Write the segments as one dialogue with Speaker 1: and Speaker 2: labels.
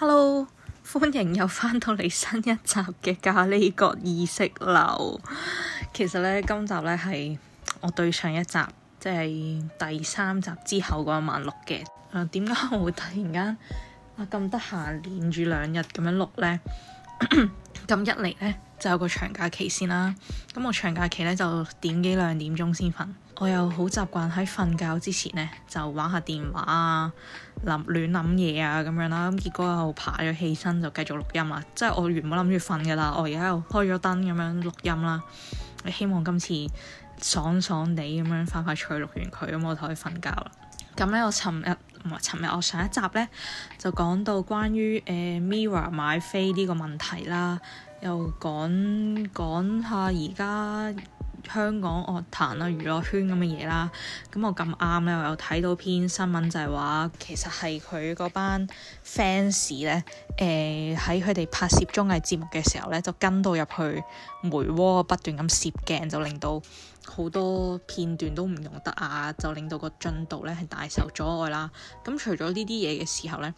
Speaker 1: Hello，歡迎又翻到你新一集嘅咖喱角意識流。 其實咧，今集咧係我對上一集，即係第三集之後嗰一晚錄嘅。啊，點解我會突然間咁得閒連住兩日咁樣錄呢？咁、 嗯、一嚟呢，就有個長假期先啦。咁我長假期咧就點幾兩點鐘先瞓。我又好習慣喺瞓覺之前呢，就玩下電話啊。諗亂諗嘢啊，咁樣啦，咁結果又爬咗起身就繼續錄音啊。即係我原本諗住瞓噶啦，我而家又開咗燈咁樣錄音啦。希望今次爽爽地咁樣快快脆錄完佢，咁我就可以瞓覺啦。咁咧，我尋日，唔係尋日，我上一集咧就講到關於誒 Mirror 買飛呢個問題啦，又講講下而家，香港樂壇啦、娛樂圈咁嘅嘢啦，咁我咁啱咧，我有睇到篇新聞就係話，其實係佢嗰班 fans 咧，誒喺佢哋拍攝綜藝節目嘅時候咧，就跟到入去梅窩不斷咁攝鏡，就令到好多片段都唔用得啊，就令到個進度咧係大受阻礙啦。咁除咗呢啲嘢嘅時候咧。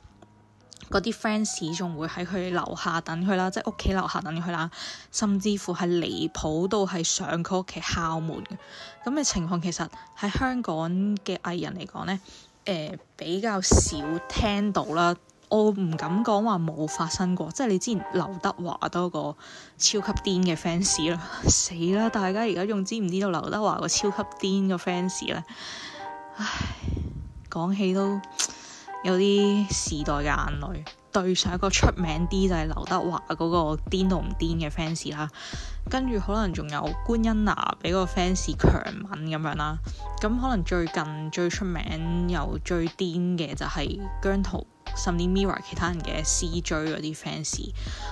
Speaker 1: 嗰啲 fans 仲會喺佢樓下等佢啦，即係屋企樓下等佢啦，甚至乎係離譜到係上佢屋企敲門嘅咁嘅情況，其實喺香港嘅藝人嚟講呢，誒、呃、比較少聽到啦。我唔敢講話冇發生過，即係你之前劉德華多個超級癲嘅 fans 啦，死啦！大家而家仲知唔知道劉德華個超級癲嘅 fans 咧？唉，講起都～有啲時代嘅眼淚，對上一個出名啲就係劉德華嗰個癲到唔癲嘅 fans 啦，跟住可能仲有官恩娜俾個 fans 強吻咁樣啦，咁可能最近最出名又最癲嘅就係姜濤、甚至 MIRROR 其他人嘅 CJ 嗰啲 fans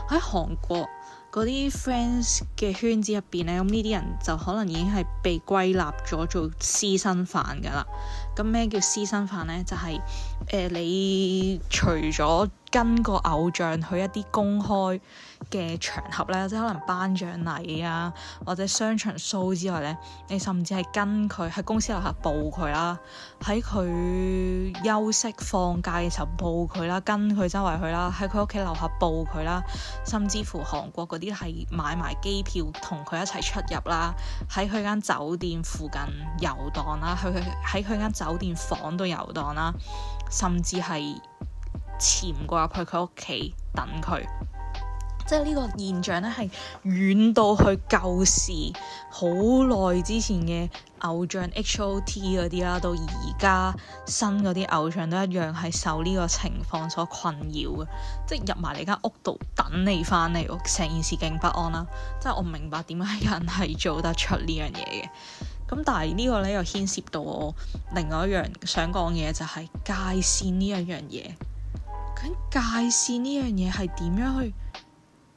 Speaker 1: 喺韓國。嗰啲 friends 嘅圈子入邊咧，咁呢啲人就可能已經係被歸納咗做私生飯噶啦。咁咩叫私生飯咧？就係、是、誒、呃，你除咗跟個偶像去一啲公開嘅場合咧，即係可能頒獎禮啊，或者商場 show 之外咧，你甚至係跟佢喺公司樓下報佢啦，喺佢休息放假嘅時候報佢啦，跟佢周圍去啦，喺佢屋企樓下報佢啦，甚至乎韓國嗰啲係買埋機票同佢一齊出入啦，喺佢間酒店附近遊蕩啦，去喺佢間酒店房度遊蕩啦，甚至係潛過入去佢屋企等佢，即係呢個現象咧，係遠到去舊時好耐之前嘅偶像 H.O.T. 嗰啲啦，到而家新嗰啲偶像都一樣係受呢個情況所困擾嘅，即係入埋你間屋度等你翻嚟，屋成件事勁不安啦。即係我唔明白點解人係做得出呢樣嘢嘅。咁但係呢個咧又牽涉到我另外一樣想講嘅嘢，就係界線呢一樣嘢。究竟界線呢樣嘢係點樣去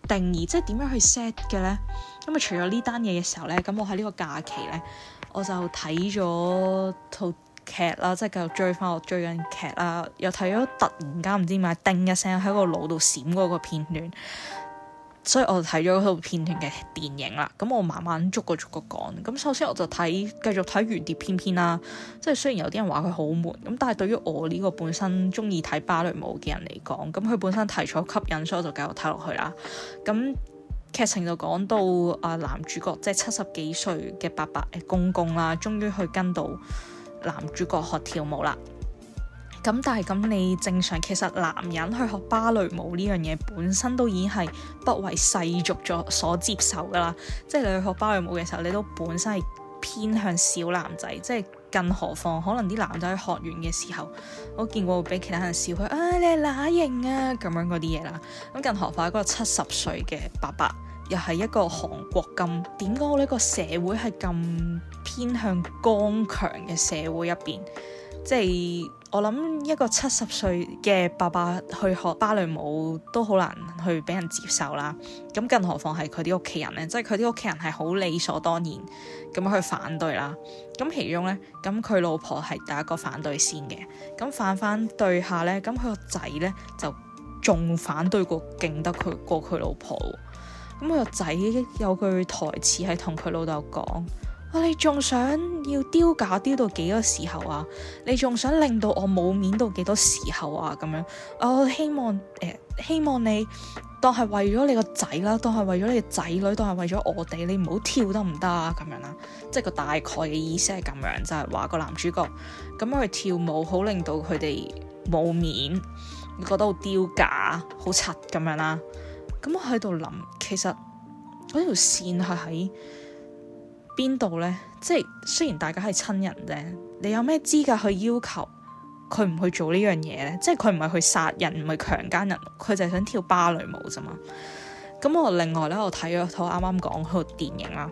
Speaker 1: 定義，即係點樣去 set 嘅咧？咁啊，除咗呢單嘢嘅時候咧，咁我喺呢個假期咧，我就睇咗套劇啦，即係繼續追翻我追緊劇啦，又睇咗突然間唔知點解叮一聲喺個腦度閃過嗰個片段。所以我就睇咗套片型嘅電影啦。咁我慢慢逐個逐個講。咁首先我就睇繼續睇《蝴蝶翩翩》啦。即係雖然有啲人話佢好悶，咁但係對於我呢個本身中意睇芭蕾舞嘅人嚟講，咁佢本身題材吸引，所以我就繼續睇落去啦。咁劇情就講到啊、呃，男主角即係、就是、七十幾歲嘅伯伯公公啦，終於去跟到男主角學跳舞啦。咁但係咁，你正常其實男人去學芭蕾舞呢樣嘢本身都已經係不為世俗所所接受噶啦。即係你去學芭蕾舞嘅時候，你都本身係偏向小男仔。即係更何況可能啲男仔喺學完嘅時候，我都見過會俾其他人笑佢啊，你係乸型啊咁樣嗰啲嘢啦。咁更何況嗰個七十歲嘅伯伯，又係一個韓國咁點講呢個社會係咁偏向剛強嘅社會入邊。即係我諗一個七十歲嘅爸爸去學芭蕾舞都好難去俾人接受啦，咁更何況係佢啲屋企人呢？即係佢啲屋企人係好理所當然咁去反對啦。咁其中呢，咁佢老婆係第一個反對先嘅，咁反反對下呢，咁佢個仔呢，就仲反對過勁得佢過佢老婆。咁佢個仔有句台詞係同佢老豆講。哦、你仲想要丟架丟到幾多時候啊？你仲想令到我冇面到幾多時候啊？咁樣我、哦、希望誒、呃，希望你當係為咗你個仔啦，當係為咗你仔女，當係為咗我哋，你唔好跳得唔得啊？咁樣啦，即係個大概嘅意思係咁樣，就係話個男主角咁樣去跳舞，好令到佢哋冇面，你覺得好丟架，好柒咁樣啦。咁我喺度諗，其實嗰條線係喺邊度呢？即係雖然大家係親人啫，你有咩資格去要求佢唔去做呢樣嘢呢？即係佢唔係去殺人，唔係強姦人，佢就係想跳芭蕾舞咋嘛？咁我另外咧，我睇咗一套啱啱講嗰套電影啦，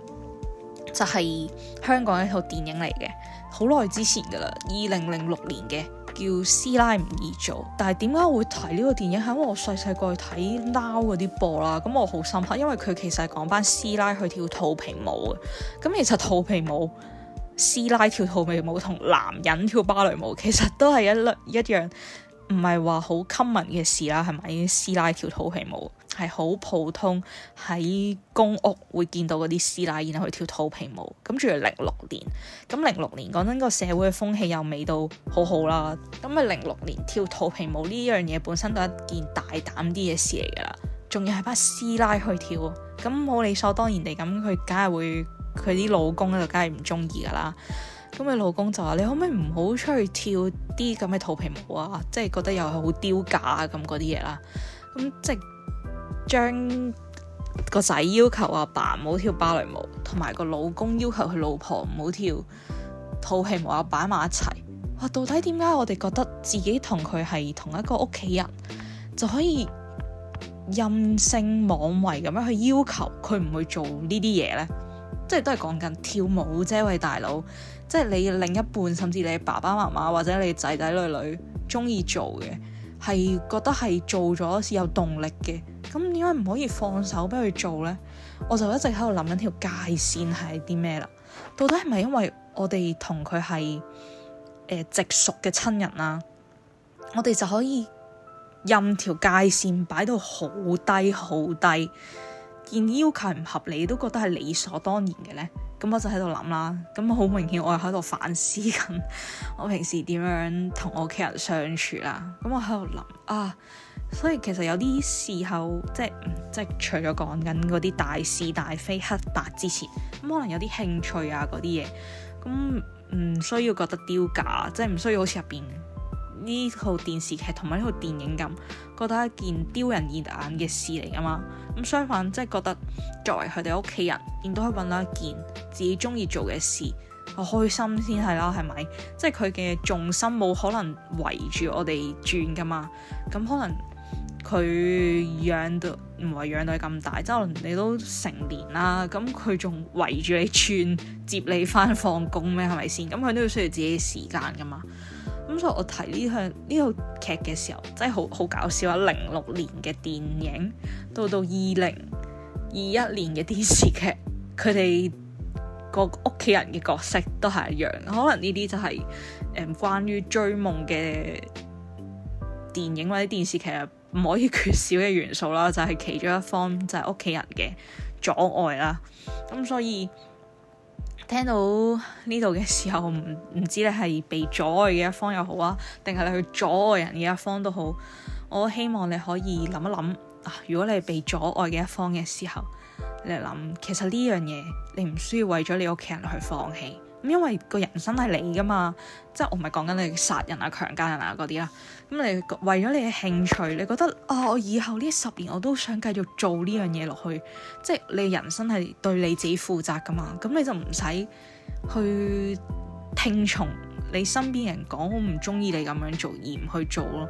Speaker 1: 就係、是、香港一套電影嚟嘅，好耐之前噶啦，二零零六年嘅。叫師奶唔易做，但係點解我會提呢個電影？係因為我細細個去睇 Now 嗰啲播啦，咁我好深刻，因為佢其實係講翻師奶去跳肚皮舞嘅。咁其實肚皮舞，師奶跳肚皮舞同男人跳芭蕾舞，其實都係一類一樣，唔係話好 common 嘅事啦，係咪？師奶跳肚皮舞。係好普通喺公屋會見到嗰啲師奶，然後去跳肚皮舞咁。跟住零六年咁，零六年講真個社會風氣又未到好好啦。咁啊，零六年跳肚皮舞呢樣嘢本身都係一件大膽啲嘅事嚟㗎啦，仲要係班師奶去跳，咁好理所當然地咁，佢梗係會佢啲老公就梗係唔中意㗎啦。咁佢老公就話：你可唔可以唔好出去跳啲咁嘅肚皮舞啊？即係覺得又係好丟架啊，咁嗰啲嘢啦。咁即係。將個仔要求阿爸唔好跳芭蕾舞，同埋個老公要求佢老婆唔好跳套戲舞，又擺埋一齊。哇！到底點解我哋覺得自己同佢係同一個屋企人，就可以任性妄為咁樣去要求佢唔會做呢啲嘢呢？即係都係講緊跳舞啫，喂，大佬，即係你另一半，甚至你爸爸媽媽或者你仔仔女女中意做嘅，係覺得係做咗有動力嘅。咁點解唔可以放手俾佢做咧？我就一直喺度諗緊條界線係啲咩啦？到底係咪因為我哋同佢係誒直屬嘅親人啦、啊？我哋就可以任條界線擺到好低好低，見要求唔合理都覺得係理所當然嘅咧？咁我就喺度諗啦。咁好明顯，我係喺度反思緊 我平時點樣同我屋企人相處啦。咁我喺度諗啊～所以其實有啲時候，即係即係除咗講緊嗰啲大是大非、黑白之前，咁可能有啲興趣啊嗰啲嘢，咁唔需要覺得丟架，即係唔需要好似入邊呢套電視劇同埋呢套電影咁，覺得一件丟人現眼嘅事嚟噶嘛。咁相反，即係覺得作為佢哋屋企人，亦都可以揾到一件自己中意做嘅事，好開心先係啦，係咪？即係佢嘅重心冇可能圍住我哋轉噶嘛。咁可能。佢養到，唔係養到咁大，即可能你都成年啦，咁佢仲圍住你串接你翻放工咩？係咪先？咁佢都要需要自己嘅時間㗎嘛？咁所以我睇呢項呢套劇嘅時候，真係好好搞笑啊！零六年嘅電影到到二零二一年嘅電視劇，佢哋個屋企人嘅角色都係一樣。可能呢啲就係、是、誒、嗯、關於追夢嘅電影或者電視劇啊。唔可以缺少嘅元素啦，就係其中一方就係屋企人嘅阻礙啦。咁所以聽到呢度嘅時候，唔唔知你係被阻礙嘅一方又好啊，定係你去阻礙人嘅一方都好。我希望你可以諗一諗啊，如果你係被阻礙嘅一方嘅時候，你諗其實呢樣嘢你唔需要為咗你屋企人去放棄。因為個人生係你噶嘛，即係我唔係講緊你殺人啊、強姦人啊嗰啲啦。咁你為咗你嘅興趣，你覺得啊、哦，我以後呢十年我都想繼續做呢樣嘢落去，即係你人生係對你自己負責噶嘛。咁你就唔使去聽從你身邊人講，我唔中意你咁樣做而唔去做咯。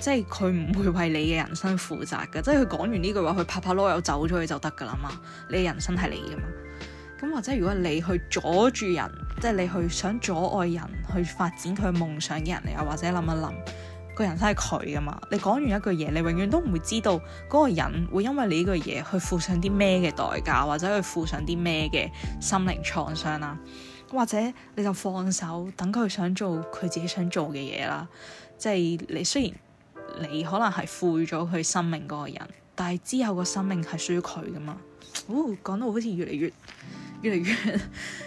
Speaker 1: 即係佢唔會為你嘅人生負責嘅。即係佢講完呢句話，佢拍拍囉柚走咗去就得噶啦嘛。你嘅人生係你噶嘛。咁或者如果你去阻住人，即係你去想阻礙人去發展佢夢想嘅人嚟，又或者諗一諗，個人生係佢噶嘛。你講完一句嘢，你永遠都唔會知道嗰個人會因為你呢句嘢去付上啲咩嘅代價，或者去付上啲咩嘅心靈創傷啦。或者你就放手，等佢想做佢自己想做嘅嘢啦。即係你雖然你可能係賦予咗佢生命嗰個人，但係之後個生命係需要佢噶嘛。哦，講到好似越嚟越～越嚟越，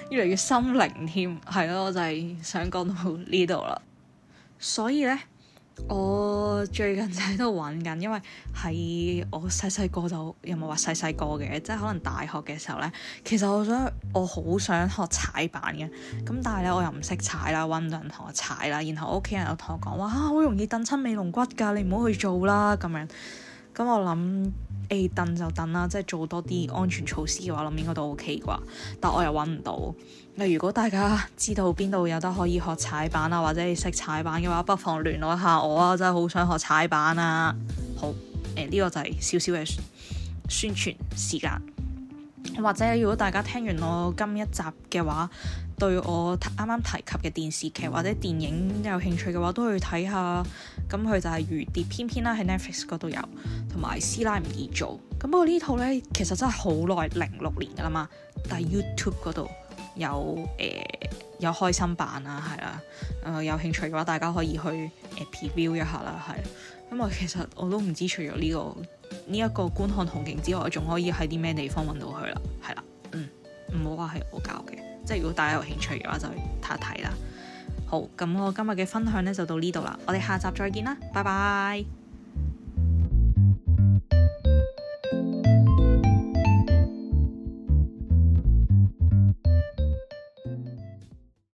Speaker 1: 越嚟越心靈添，係咯，我就係想講到呢度啦。所以咧，我最近就喺度揾緊，因為喺我細細個就有冇話細細個嘅，即係可能大學嘅時候咧，其實我想我好想學踩板嘅，咁但係咧我又唔識踩啦，揾唔到人同我踩啦，然後屋企人又同我講話，好容易蹬親尾龍骨㗎，你唔好去做啦咁樣。咁我諗。誒、欸、等就等啦，即係做多啲安全措施嘅話，我諗應該都 OK 啩。但我又揾唔到。嗱，如果大家知道邊度有得可以學踩板啊，或者識踩板嘅話，不妨聯絡一下我啊！我真係好想學踩板啊。好，誒、欸、呢個就係少少嘅宣傳時間。或者如果大家聽完我今一集嘅話，對我啱啱提及嘅電視劇或者電影有興趣嘅話，都可以睇下。咁佢就係、是《如蝶翩翩》啦，喺 Netflix 嗰度有，同埋《師奶唔易做》。咁不過套呢套咧，其實真係好耐，零六年噶啦嘛。但係 YouTube 嗰度有誒、呃、有開心版啊，係啦。誒、呃、有興趣嘅話，大家可以去 preview、呃、一下啦，係。因為其實我都唔知除咗呢、這個。呢一個觀看同景之外，仲可以喺啲咩地方揾到佢啦？係啦，嗯，唔好話係我教嘅，即係如果大家有興趣嘅話，就去睇一睇啦。好，咁我今日嘅分享呢就到呢度啦，我哋下集再見啦，拜拜。